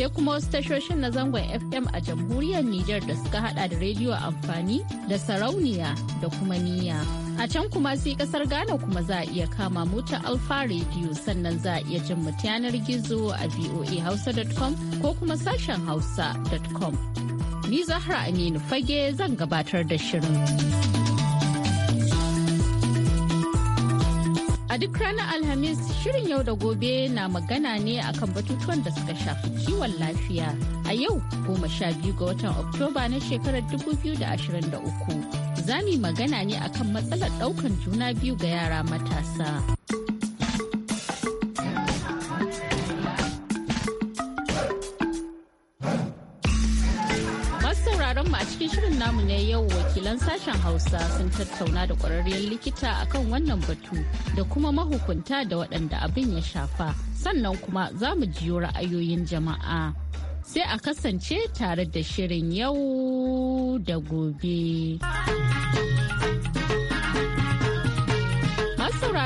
sai kuma wasu tashoshin na zangon FM a jamhuriyar Nijar da suka hada da rediyo amfani da sarauniya da kuma niyya. A can kuma sai kasar Ghana kuma za a iya kama mota Alfa Radio sannan za a iya jin mu yanar gizo a voahausa.com ko kuma sashen hausa.com. Ni Zahra Aminu Fage zan gabatar da shirin. duk ranar Alhamis shirin yau da gobe na magana ne akan batutuwan da suka shafi kiwon lafiya. A yau goma sha biyu ga watan Oktoba na shekarar 2023 za mu magana ne akan matsalar ɗaukan juna biyu ga yara matasa. shirin namu ne yau wakilan sashen Hausa sun tattauna da kwararriyar likita akan wannan batu da kuma mahukunta da waɗanda abin ya shafa. Sannan kuma za mu jiyo ra'ayoyin jama'a. Sai a kasance tare da shirin yau da gobe.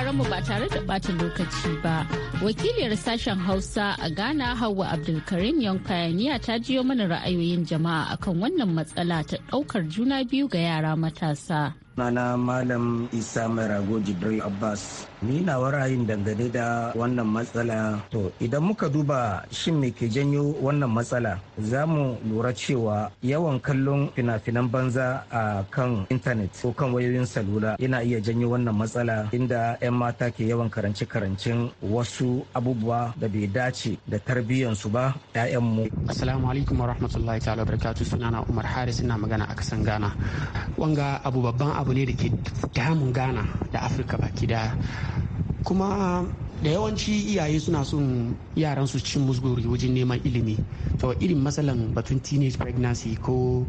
sauraron mu ba tare da ɓata lokaci ba. Wakiliyar sashen Hausa a Ghana Hauwa Abdulkarim yankayaniya ta jiyo mana ra'ayoyin jama'a akan wannan matsala ta ɗaukar juna biyu ga yara matasa. sunana Malam Isa Mai Rago Jibril Abbas. Ni na ra'ayin dangane da wannan matsala. To idan muka duba shin me ke janyo wannan matsala za mu lura cewa yawan kallon fina-finan banza a kan intanet ko kan wayoyin salula yana iya janyo wannan matsala inda 'yan mata ke yawan karance-karancen wasu abubuwa da bai dace da tarbiyyansu ba 'ya'yanmu. Assalamu alaikum wa rahmatullahi ta'ala barakatu sunana Umar Haris ina magana a kasan Ghana. Wanga abu babban abu ne da ke damun ghana da afirka baki daya kuma da yawanci iyaye suna son yaran su cin musguri wajen neman ilimi to irin matsalan batun teenage pregnancy ko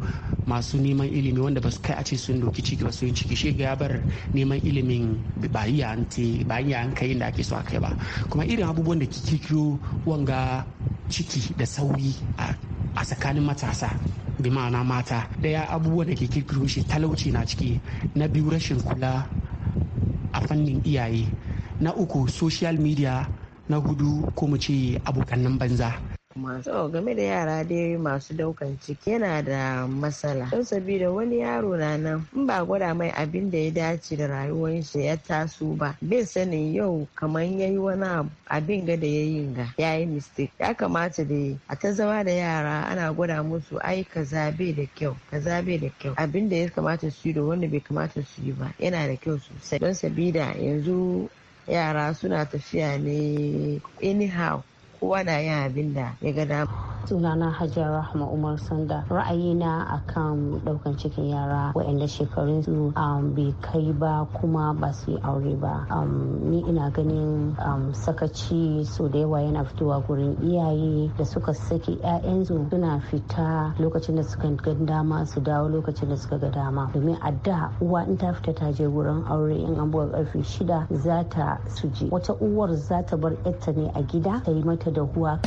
masu neman ilimi wanda ba su kai a ce sun doki ciki ba sun ciki shi ya bar neman ilimin ba iya an kai inda ake so a kai ba kuma irin abubuwan da ke kirkiro wanga ciki da sauri a tsakanin matasa bi ma'ana mata daya abubuwan da ke kirkiro shi talauci na ciki na biyu rashin kula a fannin iyaye na uku social media na hudu ko mu ce abokan banza kuma so game da yara dai masu daukan ciki yana da matsala don sabida wani yaro na nan in ba gwada mai abin da ya dace da rayuwar shi ya taso ba bai sanin yau kamar yayi wani abin ga da yayi ga yayi mistake ya kamata da a ta zama da yara ana gwada musu ai kaza bai da kyau kaza bai da kyau abin da ya kamata su yi da wanda bai kamata su yi ba yana da kyau sosai don sabida yanzu yara suna tafiya ne anyhow kowa na yin abin da ya ga dama sunana hajjara rahma umar sanda ra'ayina akan daukan cikin yara waɗanda shekarun su um, bai kai ba kuma ba su yi aure ba um, ni ina ganin um, sakaci so da yawa yana fitowa gurin iyaye da suka saki 'ya'yansu suna fita lokacin da suka ga dama su dawo lokacin da suka ga dama domin a da uwa in ta fita ta je gurin aure in an buga karfe shida za ta suje wata uwar za ta bar 'yarta ne a gida ta yi mata da huwa.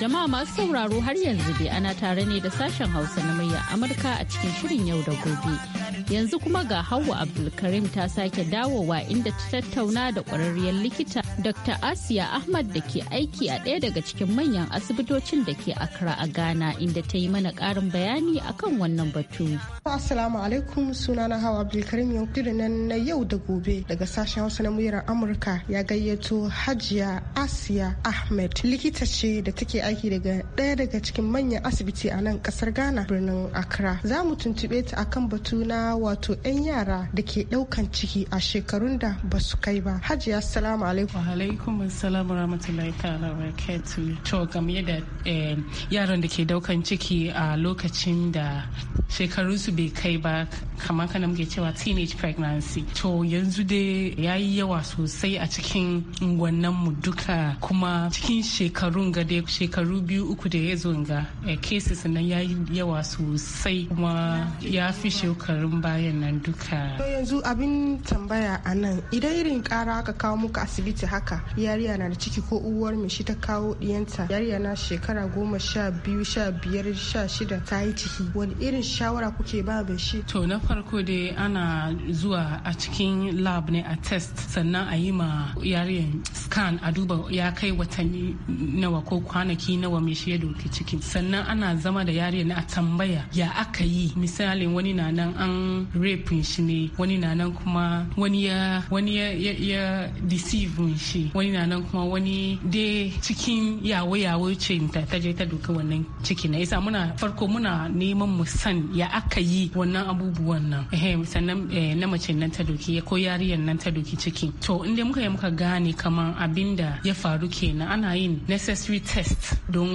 Jama'a masu sauraro har yanzu dai ana tare ne da sashen Hausa na murya Amurka a cikin shirin yau da gobe. Yanzu kuma ga Hauwa Abdulkarim ta sake dawowa inda ta tattauna da ƙwararriyar likita Dr. Asiya Ahmad da ke aiki a ɗaya daga cikin manyan asibitocin da ke Accra a Ghana inda ta yi mana ƙarin bayani akan wannan batu. Assalamu alaikum sunana Hawa Abdulkarim Yankuri na yau da gobe daga sashen Hausa na muryar Amurka ya gayyato Hajiya Asiya Ahmad likita ce da take aiki daga ɗaya daga cikin manyan asibiti a nan ƙasar Ghana birnin Accra. Za mu tuntuɓe ta akan batu na wato 'yan yara da ke ɗaukan ciki a shekarun da ba su kai ba. Hajiya salamu alaikum. Wa alaikum assalamu rahmatullahi ta'ala wa kaitu To game da eh, yaran da ke ɗaukan ciki a lokacin da shekarun su bai kai ba kamar kana muke cewa teenage pregnancy. To yanzu dai ya yi yawa sosai a cikin ungwannan mu duka kuma cikin shekarun ga dai shekaru biyu uku da ya zo ga eh, cases nan ya yi yawa sosai kuma ya fi shekarun bayan nan duka yanzu abin tambaya a nan idan irin kara aka kawo muka asibiti haka yariya na da ciki ko uwar mai shi ta kawo diyanta yariya na shekara goma sha biyu sha biyar sha shida ta yi ciki wani irin shawara kuke ba mai shi to na farko dai ana zuwa a cikin lab ne a test sannan a yi ma yariyan scan a duba ya kai watanni nawa ko kwanaki nawa mai shi ya doki ciki sannan ana zama da yariyan a tambaya ya aka yi misalin wani na nan an rapin shi ne wani na nan kuma wani ya wani ya ya deceive shi wani na nan kuma wani de cikin yawo yawo ce ta ta je ta doka wannan ciki na yasa muna farko muna neman mu san ya aka yi wannan abubuwan nan eh sannan na mace nan ta doki ko yariyan nan ta doki ciki to inda muka yi muka gane kaman abinda ya faru kenan ana yin necessary test don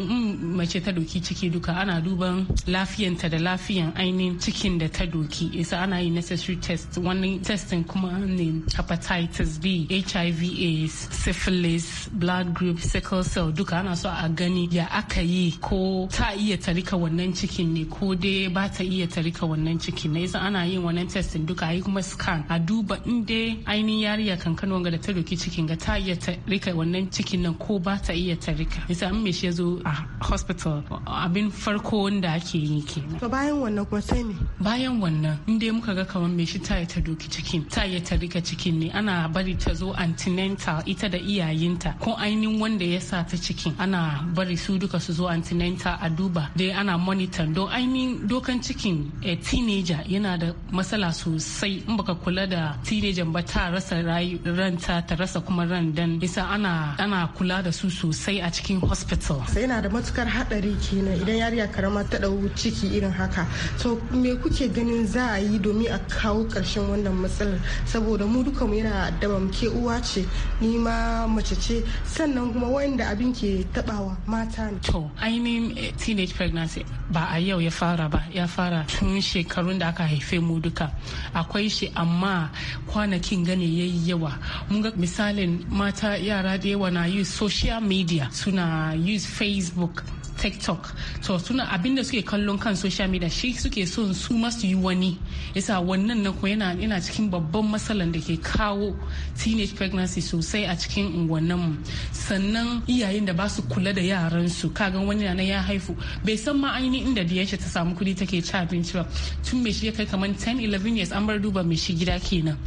mace ta doki ciki duka ana duban lafiyanta da lafiyan ainihin cikin da ta doki sa ana yi necessary test wani testin kuma ne hepatitis b hiv aids syphilis blood group sickle cell duka ana so a gani ya aka yi ko ta iya tarika wannan cikin ne ko dai ba ta iya tarika wannan cikin ne ana yin wannan testin duka a yi kuma scan a duba in dai ainihin yariya kankan wanga da ta doki cikin ga ta iya tarika wannan cikin nan ko ba ta iya tarika yasa an me shi zo a hospital abin farko wanda ake yi kenan to bayan wannan kuma sai ne bayan wannan in dai muka ga kamar mai shi ta ya ta doki cikin ta ya ta rika cikin ne ana bari ta zo antinental ita da iyayenta ko ainihin wanda ya sa ta cikin ana bari su duka su zo antinental a duba dai ana monitor don ainihin dokan cikin a eh, teenager yana da matsala sosai in baka kula da teenager ba ta rasa ranta ta rasa kuma ran dan isa ana ana kula da su sosai a cikin hospital sai yana da matukar hadari kenan idan yariya karama ta dau ciki irin haka to me kuke ganin za a yi yi domin a kawo ƙarshen wannan matsalar saboda mu duka mu yana addaba mu uwa ce ni ma mace ce sannan kuma wanda abin ke tabawa mata ne. To ainihin eh, teenage pregnancy ba a yau ya fara ba ya fara tun shekarun da aka haife mu duka akwai shi amma kwanakin gane yayi yawa mun ga misalin mata yara da yawa na use social media suna use facebook tiktok to suna abinda suke kallon kan social media shi suke so su masu yi wani yasa wannan nan ko yana yana cikin babban matsalan da ke kawo teenage pregnancy sosai a cikin unguwannin mu sannan iyayen da ba su kula da yaran su kaga wani na ya haifu bai san ma ainihin inda diyar ta samu kudi take ci abinci ba tun mai shi ya kai kamar 10 11 years an bar duba mai shi gida kenan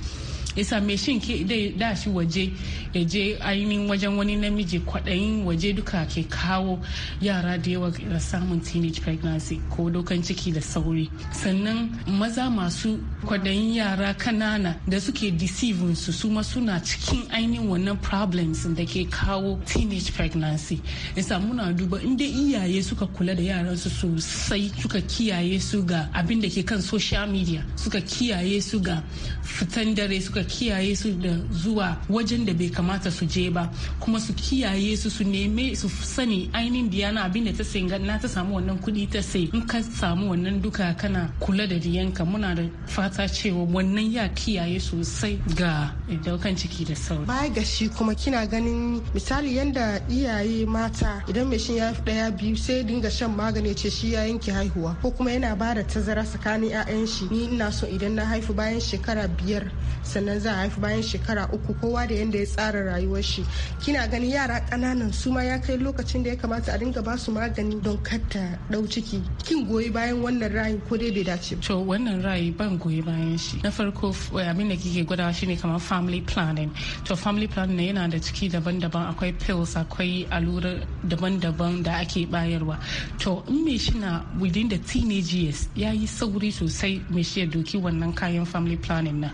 isa mai shin ke da shi waje ya je ainihin wajen wani namiji kwaɗayin waje duka ke kawo yara da yawa da samun teenage pregnancy ko dokan ciki da sauri sannan maza masu kwaɗayin yara kanana da suke deceiving su suma suna cikin ainihin wannan problems da ke kawo teenage pregnancy isa muna duba inda iyaye suka kula da yaran su sosai suka kiyaye su ga abin da ke kan social media suka kiyaye su ga fitan dare suka kiyaye su da zuwa wajen da bai kamata su je ba kuma su kiyaye su su neme su sani ainihin biyana abinda ta singa na ta samu wannan kuɗi ta sai in ka samu wannan duka kana kula da diyanka muna da fata cewa wannan ya kiyaye sosai ga daukan ciki da sauri. Baya ga shi kuma kina ganin misali yanda iyaye mata idan mai shin ya fi daya biyu sai dinga shan magani ce shi ya yanke haihuwa ko kuma yana ba da tazara tsakanin 'ya'yan shi ni ina so idan na haifu bayan shekara biyar sannan sannan za a haifi bayan shekara uku kowa da yadda ya tsara rayuwar shi kina gani yara ƙananan su ma ya kai lokacin da ya kamata a dinga basu magani don katta ɗau ciki kin goyi bayan wannan rayin ko dai bai dace to wannan rayi ban goyi bayan shi na farko abin da kike gwada shi ne kamar family planning to family planning yana da ciki daban-daban akwai pills akwai allura daban-daban da ake bayarwa to in me shi na within the teenage years ya yi sauri sosai me shi ya doki wannan kayan family planning na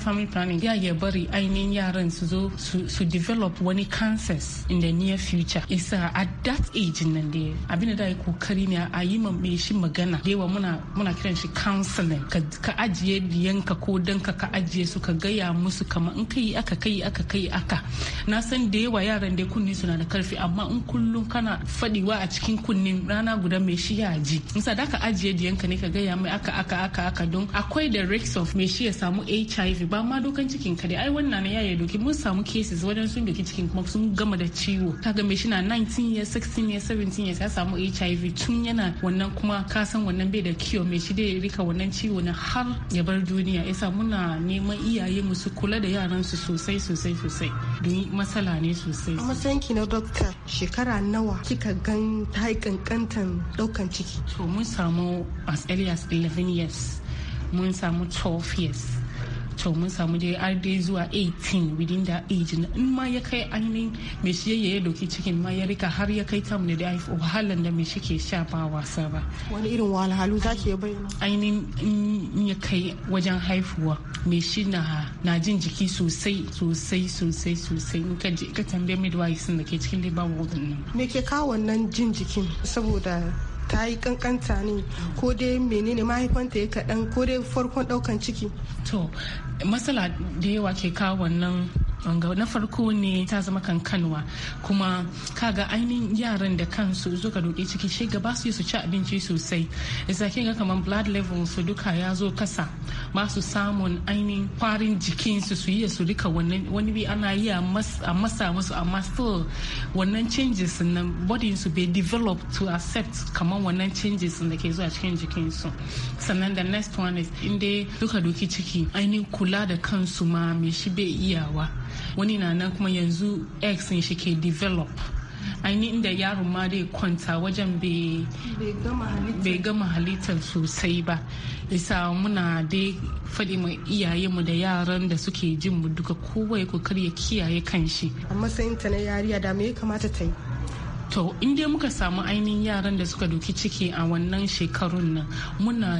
family planning ya ya bari ainihin yaran su zo su develop wani cancers in the near future isa at that age nan da abin da ya kokari ne a yi mai shi magana yawa muna muna kiran shi counseling ka ajiye diyanka ko danka ka ajiye su ka gaya musu kama in kai aka kai aka kai aka na san da yawa yaran da kunni suna da karfi amma in kullum kana fadiwa a cikin kunnin rana guda mai shi ya ji musa da ka ajiye diyanka ne ka gaya mai aka aka aka aka don akwai da risks of mai shi ya samu hiv ba ma dokan cikin ka dai ai wannan ya ya doki mun samu cases wajen sun doki cikin kuma sun gama da ciwo game shi na 19 years 16 years 17 years ya samu HIV tun yana wannan kuma ka san wannan bai da kiyo mai shi dai rika wannan ciwo na har ya bar duniya yasa muna neman iyaye mu su kula da yaran su sosai sosai sosai don matsala ne sosai a matsayin ki na dokta shekara nawa kika gan ta kankantan daukan ciki to mun samu as early as 11 years mun samu 12 years to mun samu dai har dai zuwa 18 within that age in ma ya kai ainihin mai shi ya doki cikin ma ya rika har ya kai tam da dai wahalan da mai shi ke sha ba wasa ba wani irin wahalhalu za ki bayyana ainihin in ya kai wajen haifuwa mai shi na jin jiki sosai sosai sosai sosai in ka ka tambaye midwife sun da ke cikin labor ward nan me ke kawo wannan jin jikin saboda ta yi kankanta ne ko dai menene mahaifanta ya kaɗan ko dai farkon ɗaukan ciki to matsala da yawa ke kawo wannan na farko ne ta zama kankanwa kuma kaga ainihin yaran da kansu suka doke ciki shi gaba su su ci abinci sosai isa kin ga kamar blood level su duka ya zo kasa ba su samun ainihin kwarin jikin su yi su rika wani bi ana yi a masa musu amma still wannan changes na body su be develop to accept kamar wannan changes da ke zuwa cikin su sannan da next one is inda duka doki ciki ainihin kula da kansu ma me shi bai iyawa wani na nan kuma yanzu x shi ke develop ainihin inda yaron ma dai kwanta wajen bai gama halittar sosai ba isa muna dai faɗi iyaye mu da yaran da suke jin mu duka kowai kokari ya kiyaye kanshi a matsayin ta na yariya da me ya kamata ta yi to in dai muka samu ainihin yaran da suka doki ciki a wannan shekarun nan muna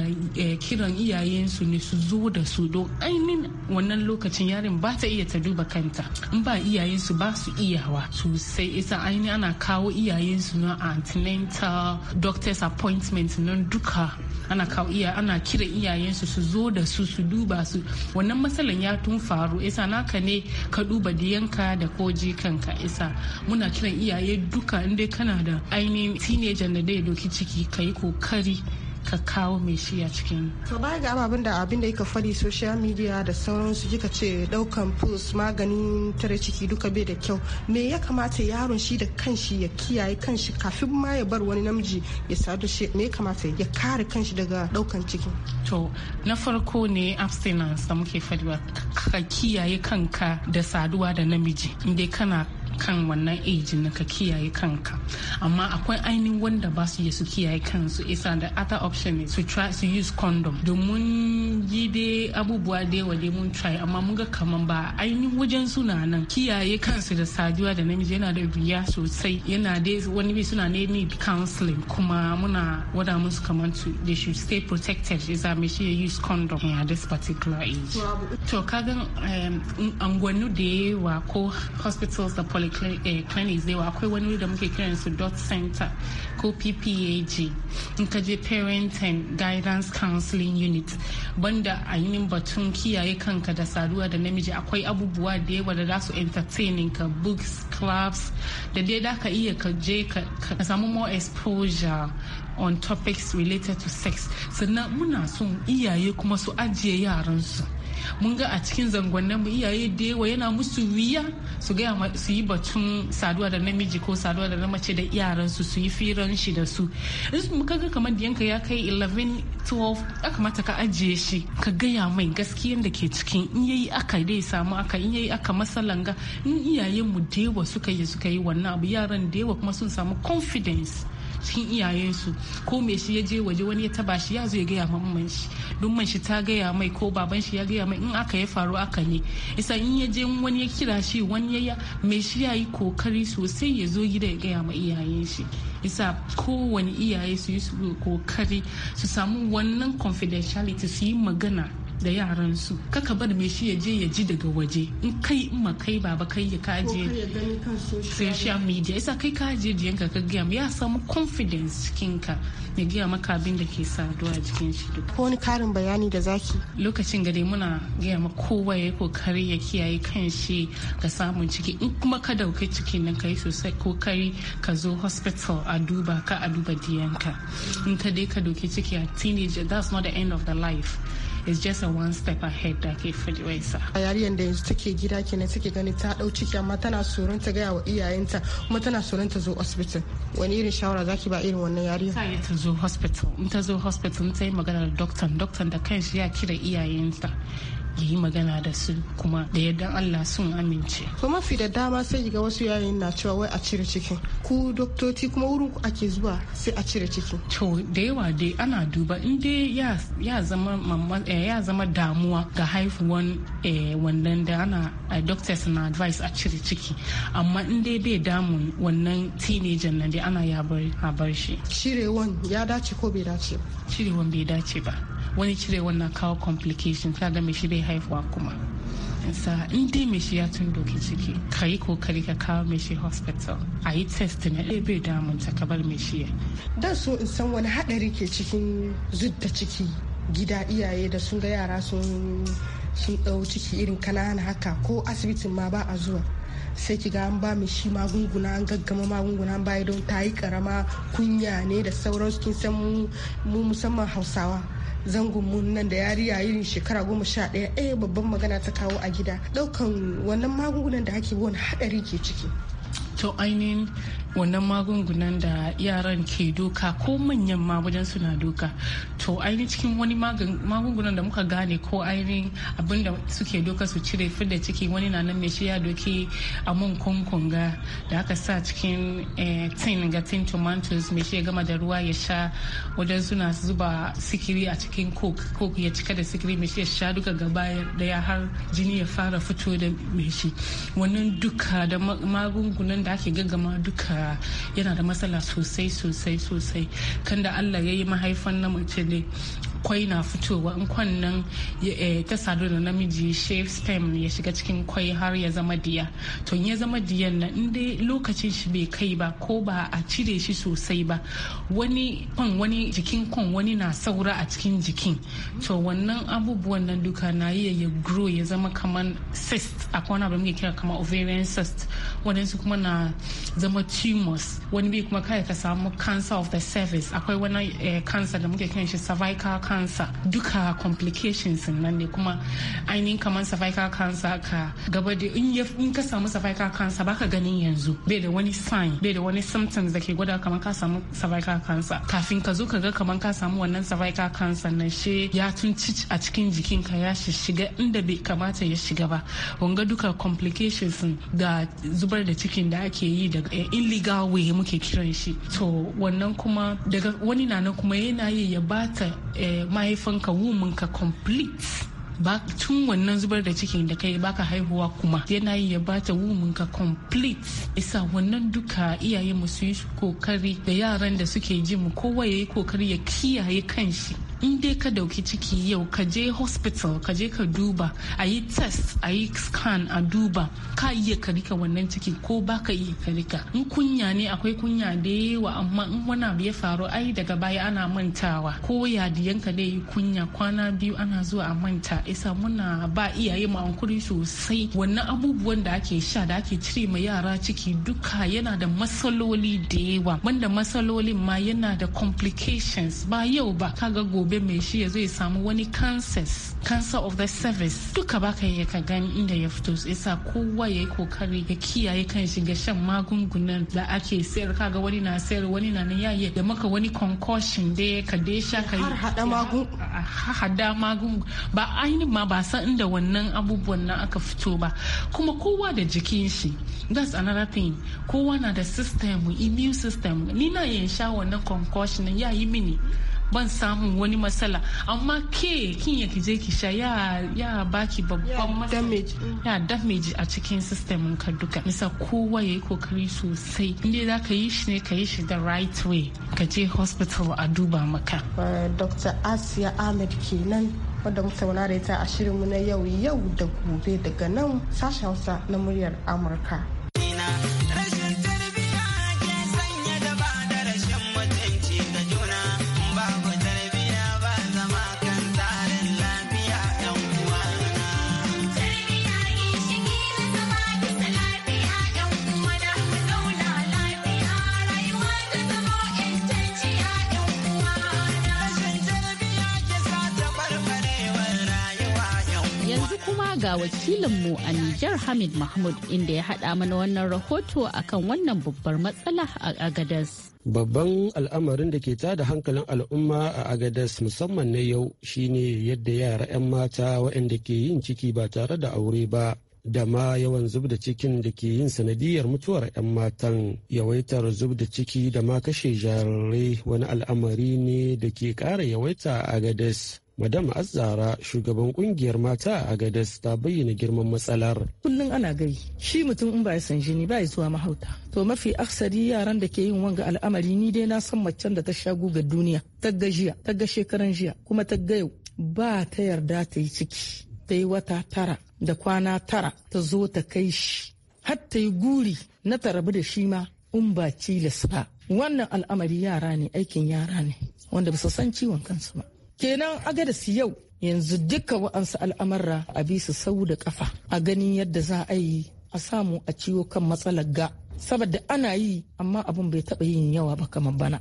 eh, kiran iyayensu ne su zo da su don ainihin wannan lokacin yarin ba ta iya ta duba kanta in ba iyayensu ba su iyawa sosai isa ainihin ana kawo iyayensu na antenatal doctor's appointment nan duka ana kawo iya ana kira iyayensu su zo da su su duba su wannan matsalan ya tun faru isa naka ne ka duba diyanka da ko kanka isa muna kiran iyaye duka inda dai kana da ainihin teenager da dai doki ciki ka yi kokari ka kawo mai shi a cikin to baya ga ababen da abin da yaka fari social media da sauransu kika ce daukan pills maganin tare ciki duka bai da kyau me ya kamata yaron shi da kanshi ya kiyaye kanshi kafin ma ya bar wani namiji ya sadu shi me ya kamata ya kare kanshi daga daukan ciki to na farko ne abstinence da muke fadiwa ka kiyaye kanka da saduwa da namiji inda kana kan wannan age na ka kiyaye kanka amma akwai ainihin wanda ba su iya su kiyaye kansu isa da other option is su try su use condom domin yi dai abubuwa da yawa dai mun try amma mun ga kaman ba ainihin wajen suna nan kiyaye kansu da saduwa da namiji yana da biya sosai yana dai wani bi suna ne need counseling kuma muna wada musu kaman to they should stay protected isa me shi use condom at this particular age to kagan angwanu da yawa ko hospitals da poly Eh, clinics da yawa akwai wani wuri da muke kiran su dot center ko ppag in ka je parent and guidance counseling unit banda a yi batun kiyaye kanka da saduwa da namiji akwai abubuwa da yawa da za su entertaining ka books clubs da dai da ka iya ka je ka samu more exposure on topics related to sex sannan muna son iyaye kuma su ajiye yaransu mun ga a cikin zangonnin mu iyaye da yawa yana musu wiya su gaya su yi batun saduwa da namiji ko saduwa da mace da yaransu su yi firan shi da su in muka ga kamar yanka ya kai 11 12 aka ka ajiye shi ka gaya mai gaskiyan da ke cikin in yayi aka dai samu aka in yayi aka masalanga in iyayen mu da yawa suka yi suka yi wannan abu yaran da yawa kuma sun samu confidence cikin iyayensu ko me shi ya je waje wani ya taba shi ya zo ya gaya mamman shi don man shi ta gaya mai ko baban shi ya gaya mai in aka ya faru aka ne isa in ya je wani ya kira shi wani ya me shi ya yi kokari sosai ya zo gida ya gaya ma iyayen shi isa kowane iyaye su yi kokari su samu wannan confidentiality su yi magana da yaran su kaka bar mai shi ya je ya ji daga waje in kai in ma kai baba kai ya kaje social media isa kai ka je ka gaya ya samu confidence kinka ya gaya maka abin da ke saduwa jikin shi duk ko wani karin bayani da zaki lokacin gare muna gaya ma kowa ya kokari ya kiyaye kan shi ga samun ciki in kuma ka dauki ciki nan kai sosai kokari ka zo hospital a duba ka a duba diyanka in ka dai ka dauki ciki a teenager that's not the end of the life is just a one step ahead da ke faɗi A yariyar da yanzu take gida kenan take gani ta ɗau ciki amma tana tsoron ta gaya wa iyayenta kuma tana tsoron ta zo hospital. Wani irin shawara zaki ba irin wannan yariyar? Ta yi ta zo hospital. In ta zo hospital ta yi magana da doctor, doctor da kanshi ya kira iyayenta. yi magana da su kuma da yadda Allah sun amince. To mafi da dama sai ga wasu yayin na cewa wai a cire cikin. Ku doktoci kuma wurin ku ake zuwa sai a cire cikin. To da yawa dai ana duba in dai ya zama eh, ya zama damuwa ga haifuwan eh, wannan da ana eh, doctors na advice a cire ciki amma in dai bai damun wannan teenager nan dai ana yabar shi. Cirewan ya dace ko bai dace Cirewan bai dace ba. wani cire wannan kawo complication ta ga shi bai haifuwa kuma sa in dai mai shi ya tun doki ciki ka yi kokari ka kawo mai shi hospital a yi test na ɗaya eh, bai damun ta ka bar mai shi dan so in san wani haɗari ke cikin zudda ciki gida iyaye da sun ga yara sun sun ɗau ciki irin kanana haka ko asibitin ma ba a zuwa sai ki ga an ba mu shi magunguna an gaggama magunguna an bayi don ta yi karama kunya ne da sauransu kin san mu musamman hausawa zangon mun nan da yariya yin shekara goma sha ɗaya ɗaya eh, babban magana ta kawo a gida ɗaukan wannan magungunan da ake wani haɗari ke ciki to ainihin wannan magungunan da yaran ke doka ko manyan ma wajen suna doka to ainihin cikin wani magungunan da muka gane ko ainihin abinda suke doka su cire da ciki wani na nan mai shi ya doki a mun kunkunga da aka sa cikin eh, tin ga tin tomatoes mai shi ya gama da ruwa ya sha wajen suna zuba sikiri a cikin coke coke ya cika da sikiri mai shi ya sha duka gaba daya har jini ya fara fito da mai shi wannan duka da magungunan da ake gaggama duka yana da matsala sosai sosai sosai kan allah ya yi mahaifan na mace ne kwai na fitowa in kwannan eh, ta sadu da namiji shave stem ya shiga cikin kwai har ya zama diya to ya zama diyan nan in lokacin shi bai kai ba ko ba a cire shi sosai ba wani kwan wani jikin kwan wani na saura a cikin jikin to wannan abubuwan nan duka na iya ya grow ya zama kamar cyst akwai kwana abu muke kira kamar ovarian cyst su kuma na zama tumors wani bai kuma kai ka samu cancer of the cervix akwai wani eh, cancer da muke kiran shi cervical kansa duka complications nan ne kuma ainihin kamar cervical cancer ka gaba da in ka samu cervical cancer baka ganin yanzu bai da wani sign bai da wani symptoms da ke gwada kamar ka samu cervical cancer kafin ka zo ka ga kamar ka samu wannan cervical cancer nan she ya tun tunci a cikin jikinka ya shiga inda bai kamata ya shiga ba wanga duka complications da zubar da cikin da ake yi da eh, illegal way muke kiran shi to wannan kuma daga wani na kuma yana yi ya bata eh, mahaifanka ka complete ba tun wannan zubar da cikin da kai baka haihuwa kuma yana yi ya bata wumin ka complete isa wannan duka iyaye mu yi kokari da yaran da suke jin mu kowa yi kokari ya kiyaye kanshi in dai ka dauki ciki yau ka je hospital ka je ka duba a yi test a yi scan a duba ka iya ka rika wannan ciki ko ba ka iya ka rika in kunya ne akwai kunya da yawa amma in wani abu ya faru ai daga baya ana mantawa ko yadiyanka da yi kunya kwana biyu ana zuwa a manta isa muna ba iyaye mu hankuri sosai wannan abubuwan da ake sha da ake cire ma yara ciki duka yana da matsaloli da yawa banda matsalolin ma yana da complications ba yau ba kaga gobe gobe mai shi ya zo ya samu wani cancers cancer of the service duka baka yi ka gani inda ya fito sa kowa ya yi kokari ga kiyaye kan shi ga shan magungunan da ake sayar kaga wani na sayar wani na na yaye da maka wani concussion da ya ka ya sha ka yi hada magungunan ba ainihin ma ba san inda wannan abubuwan na aka fito ba kuma kowa da jikin shi that's another thing kowa na da system immune system ni na yin sha wannan concussion ya yi mini ban samu wani matsala amma ke kin ya je ki sha ya ya baki babban matsala mm. ya damage a cikin system ka duka misa kowa ya yi kokari sosai inda za ka yi shi ne ka yi shi the right way ka je hospital a duba maka uh, dr asiya ahmed kenan wadda muka sauna da ita a shirinmu na yau yau da gobe daga nan sashen hausa na muryar amurka ga wakilinmu a Nijar Hamid Mahmud inda ya haɗa mana wannan rahoto akan wannan babbar matsala a Agadas. Babban al'amarin da ke tada hankalin al'umma a Agadas musamman na yau shine yadda yara 'yan mata waɗanda ke yin ciki ba tare da aure ba da ma yawan zub da cikin da ke yin sanadiyar mutuwar 'yan matan yawaitar zub da ciki da ma kashe jarirai wani al'amari ne da ke ƙara yawaita a Agadas. Madam Azzara shugaban kungiyar mata a gadas ta bayyana girman matsalar. Kullum ana gai shi mutum in ba ya san jini ba ya zuwa mahauta. To mafi aksari yaran da ke yin wanga al'amari ni dai na san macen da ta sha guga duniya ta ga jiya ta ga shekaran jiya kuma ta ga ba ta yarda ta yi ciki ta yi wata tara da kwana tara ta zo ta kai shi har ta yi guri na ta rabu da shi ma in ba cilas ba. Wannan al'amari yara ne aikin yara ne wanda ba su san ciwon kansu ba. kenan agadas yau yanzu duka wa'ansu al'amarra a bisu sau da kafa a ganin yadda za a yi a samu a ciwo kan matsalar ga saboda ana yi amma abin bai taba yin yawa ba kamar bana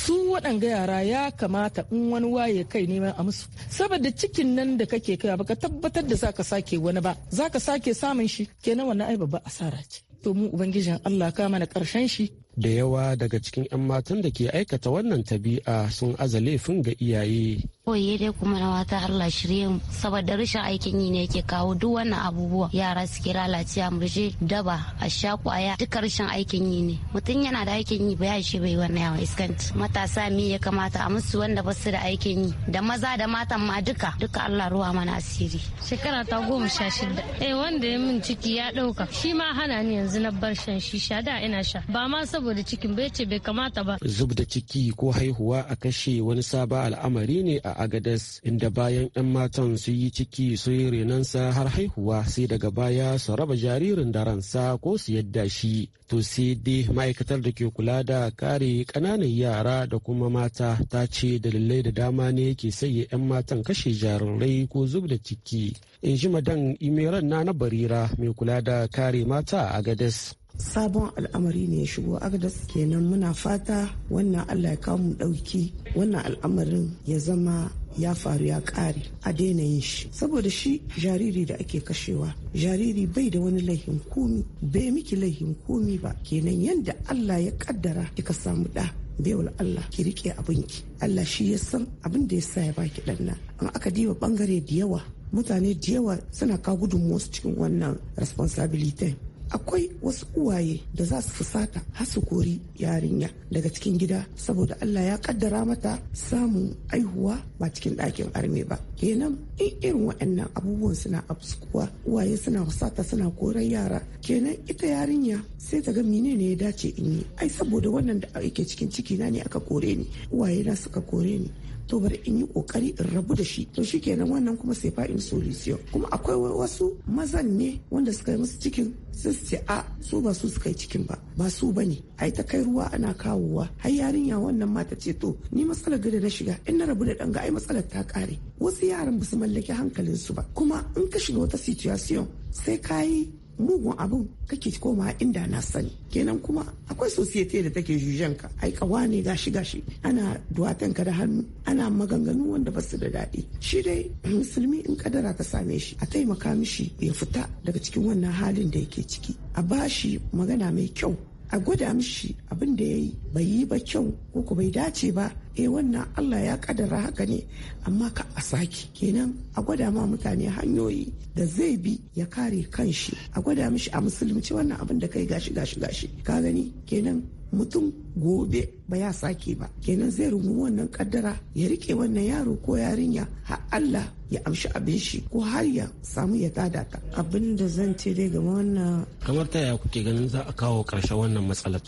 su waɗanga yara ya kamata in wani waye kai neman a musu saboda cikin nan da kake kai baka tabbatar da zaka sake wani ba zaka sake samun shi kenan wannan ai babba asara ce to mu ubangijin Allah ka mana karshen shi da yawa daga cikin 'yan matan da ke aikata wannan tabi'a sun aza laifin ga iyaye Koyi dai kuma na wata Allah shirye mu saboda rashin aikin yi ne yake kawo duk wannan abubuwa yara suke lalacewa murje daba a sha kwaya duka rashin aikin yi ne mutum yana da aikin yi ba ya shi bai wannan yawa iskanci matasa mi ya kamata a musu wanda ba su da aikin yi da maza da matan ma duka duka Allah ruwa mana asiri. Shekara ta goma sha shida eh wanda ya min ciki ya ɗauka shi ma hana ni yanzu na bar shan shisha da ina sha ba ma saboda cikin bai ce bai kamata ba. Zub da ciki ko haihuwa a kashe wani sabon al'amari ne a a inda bayan 'yan matan su yi ciki su yi sa har haihuwa sai daga baya su raba jaririn da ransa ko su yadda shi. To sai dai ma'aikatar da ke kula da kare kananan yara da kuma mata ta ce dalilai da dama ne ke sanya 'yan matan kashe jarirai ko zub da ciki. In ji madan Imeran na na Barira mai kula da kare mata a Agades. sabon al'amari ne ya shigo agadas kenan muna fata wannan allah ya kawo mu ɗauki wannan al'amarin ya zama ya faru ya ƙare a daina yin shi saboda shi jariri da ake kashewa jariri bai da wani laihin komi bai miki laihin komi ba kenan yadda allah ya kaddara kika samu ɗa baiwal Allah ki rike abinki Allah shi ya san abin da ya sa ya baki dan nan an aka diba bangare da yawa mutane da yawa suna ka gudunmuwarsu cikin wannan responsibility akwai wasu uwaye da za su fusata har su kori yarinya daga cikin gida saboda Allah ya kaddara mata samun aihuwa ba cikin ɗakin arme ba kenan in irin waɗannan abubuwan suna abskuwa uwaye suna fusata suna koran yara kenan ita yarinya sai ta ga ne ya dace in yi ai saboda wannan da ake cikin ciki na ne aka kore ni uwaye na suka kore ni to bari in yi kokari in rabu da shi to shikenan wannan kuma sai fa in solution kuma akwai wasu mazan ne wanda suka yi musu cikin sai a su ba su suka yi cikin ba ba su bane ai ta kai ruwa ana kawowa har yarinya wannan mata ce to ni matsalar gida na shiga in na rabu da danga ai matsalar ta kare wasu yaran ba su mallaki su ba kuma in ka shiga wata situation sai ka yi mugun abin kake koma inda na sani kenan kuma akwai sosiyete da take ka ai kawa ne gashi gashi ana duwatan ka da hannu ana maganganu wanda ba su da daɗi shi dai musulmi in kadara ta same shi a taimaka mishi ya fita daga cikin wannan halin da yake ciki a bashi magana mai kyau a gwada mishi abin da ya yi bai yi ba kyau ko ku bai dace ba eh wannan Allah ya kadara haka ne amma ka a saki kenan a gwada ma mutane hanyoyi da zai bi ya kare kanshi a gwada mishi a musulunci wannan abin da kai gashi gashi gashi ka gani kenan mutum gobe ba ya sake ba kenan zai rungu wannan kaddara ya rike wannan yaro ko yarinya har Allah ya amshi abin shi ko har ya samu ya tada ta abin da zan ce dai game wannan kamar ta yaya kuke ganin za a kawo ƙarshen wannan matsalar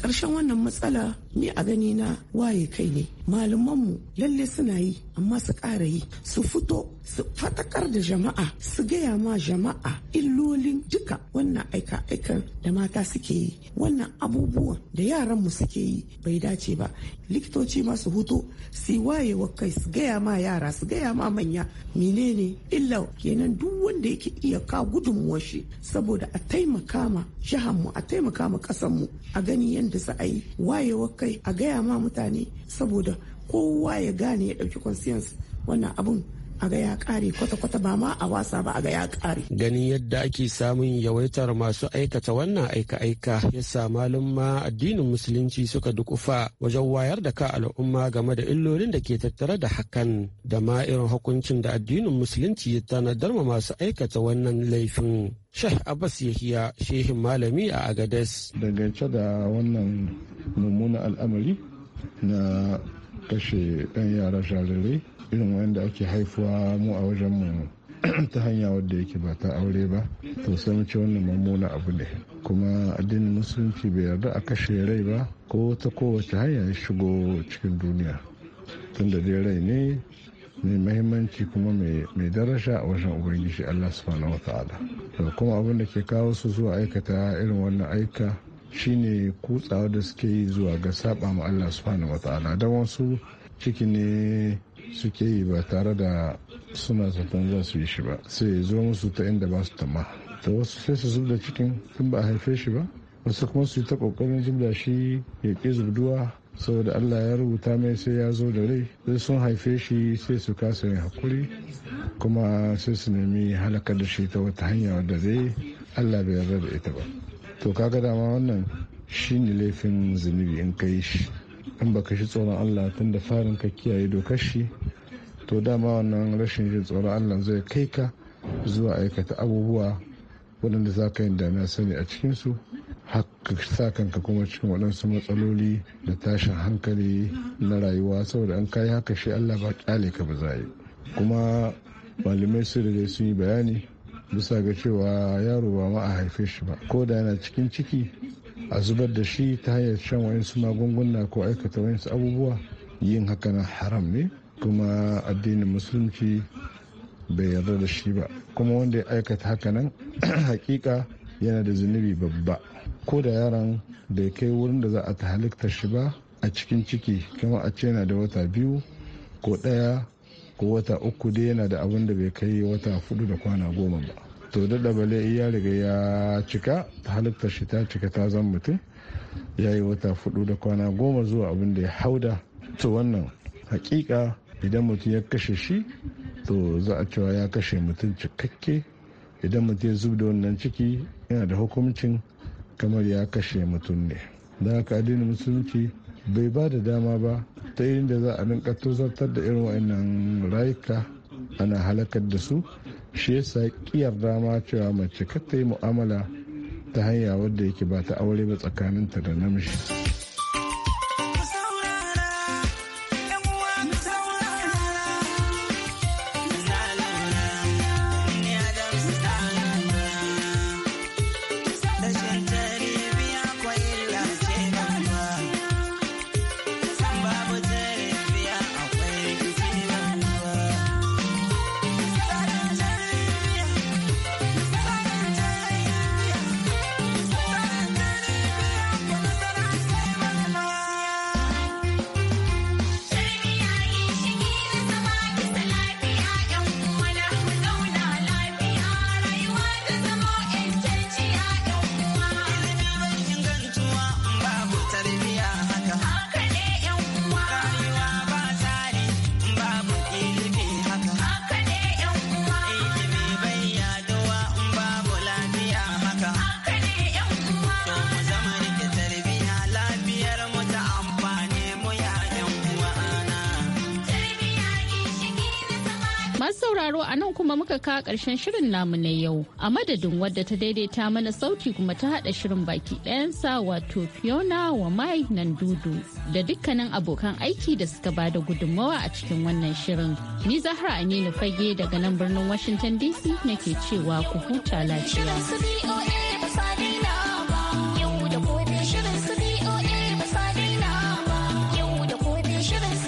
ƙarshen wannan matsala ni a gani na waye kai ne malamanmu lalle suna yi amma su ƙara yi su fito su fatakar da jama'a su gaya ma jama'a illolin duka wannan aika-aikan da mata suke yi wannan abubuwan da yaranmu suke yi bai dace ba likitoci masu su si wayewa kai su gaya ma yara su gaya ma manya menene illa kenan duk wanda yake iya ka gudunmuwar shi saboda a taimaka ma mu a taimaka ma mu a gani yadda za a yi wayewa kai a gaya ma mutane saboda kowa ya gane ya dauki conscience wannan abun a ga ya kare kwata-kwata ba ma a wasa ba a ga ya kare. Ganin yadda ake samun yawaitar masu aikata wannan aika-aika ya sa malum addinin musulunci suka dukufa wajen wayar da ka al'umma game da illolin da ke tattare da hakan da ma irin hukuncin da addinin musulunci ya tanadar ma masu aikata wannan laifin. Sheikh Abbas Yahiya shehin malami a Agades. Dangance da wannan mummunan al'amari na kashe ɗan yara jarirai irin wanda ake haifuwa mu a wajen mu ta hanya wadda yake ba ta aure ba to sai mu ce wannan mummuna abu ne kuma addinin musulunci bai yarda a kashe rai ba ko ta kowace hanya ya shigo cikin duniya tunda dai rai ne mai mahimmanci kuma mai darasha a wajen ubangiji allah subhanahu wata'ala to kuma abin da ke kawo su zuwa aikata irin wannan aika shine kutsawa da suke yi zuwa ga saba ma allah subhanahu wata'ala don wasu ciki ne suke yi ba tare da suna zaton za su yi shi ba sai zo musu ta inda ba su tama ta wasu sai su zubda cikin tun ba a haife shi ba wasu kuma su yi ta kokarin zubda shi ya ƙi zubduwa saboda allah ya rubuta mai sai ya zo da rai sai sun haife shi sai su kasa yin hakuri kuma sai su nemi halakar da shi ta wata hanya wadda zai allah bai yarda da ita ba to kaga dama wannan shine laifin zunubi in kai shi in baka shi tsoron Allah tun da farin ka kiyaye dokar shi to dama wannan rashin jin tsoron Allah zai kai ka zuwa aikata abubuwa waɗanda za ka yi da na sani a cikinsu haka sa kanka kuma cikin waɗansu matsaloli da tashin hankali na rayuwa saboda an kayi haka shi Allah ba kyale ka ba za kuma malamai su da sun yi bayani bisa ga cewa yaro ba ma a haife shi ba ko da yana cikin ciki a zubar da shi ta hanyar shan wayansu magunguna ko aikata wayansu abubuwa yin haka na haram ne kuma addinin musulunci bai yarda da shi ba kuma wanda ya aikata haka nan hakika yana da zunubi babba ko da yaron ya kai wurin da za a ta halitta shi ba a cikin ciki kama a ce yana da wata biyu ko ɗaya ko wata uku dai yana da abin da bai kai wata hudu da kwana goma ba to da bale ya riga ya cika ta halittar shi ta cika ta zan mutum ya yi wata fudu da kwana goma zuwa abin da ya hauda to wannan hakika idan mutum ya kashe shi to za a cewa ya kashe mutum cikakke idan mutum ya zub da wannan ciki yana da hukuncin kamar ya kashe mutum ne da haka addinin musulunci bai ba da dama ba ta irin da za a rinka tozartar da irin wa'annan rayuka ana halakar da su shi yasa kiyar dama cewa mace kar ta yi mu'amala ta hanya wadda yake ba ta aure ba tsakaninta da namiji. kuma muka ka karshen shirin namu na yau a madadin wadda ta daidaita mana sauti kuma ta hada shirin baki ɗayansa wato fiona wa mai nan dudu da dukkanin abokan aiki da suka ba da gudunmawa a cikin wannan shirin ni zahra aminu fage daga nan birnin washington dc nake cewa ku huta lafiya.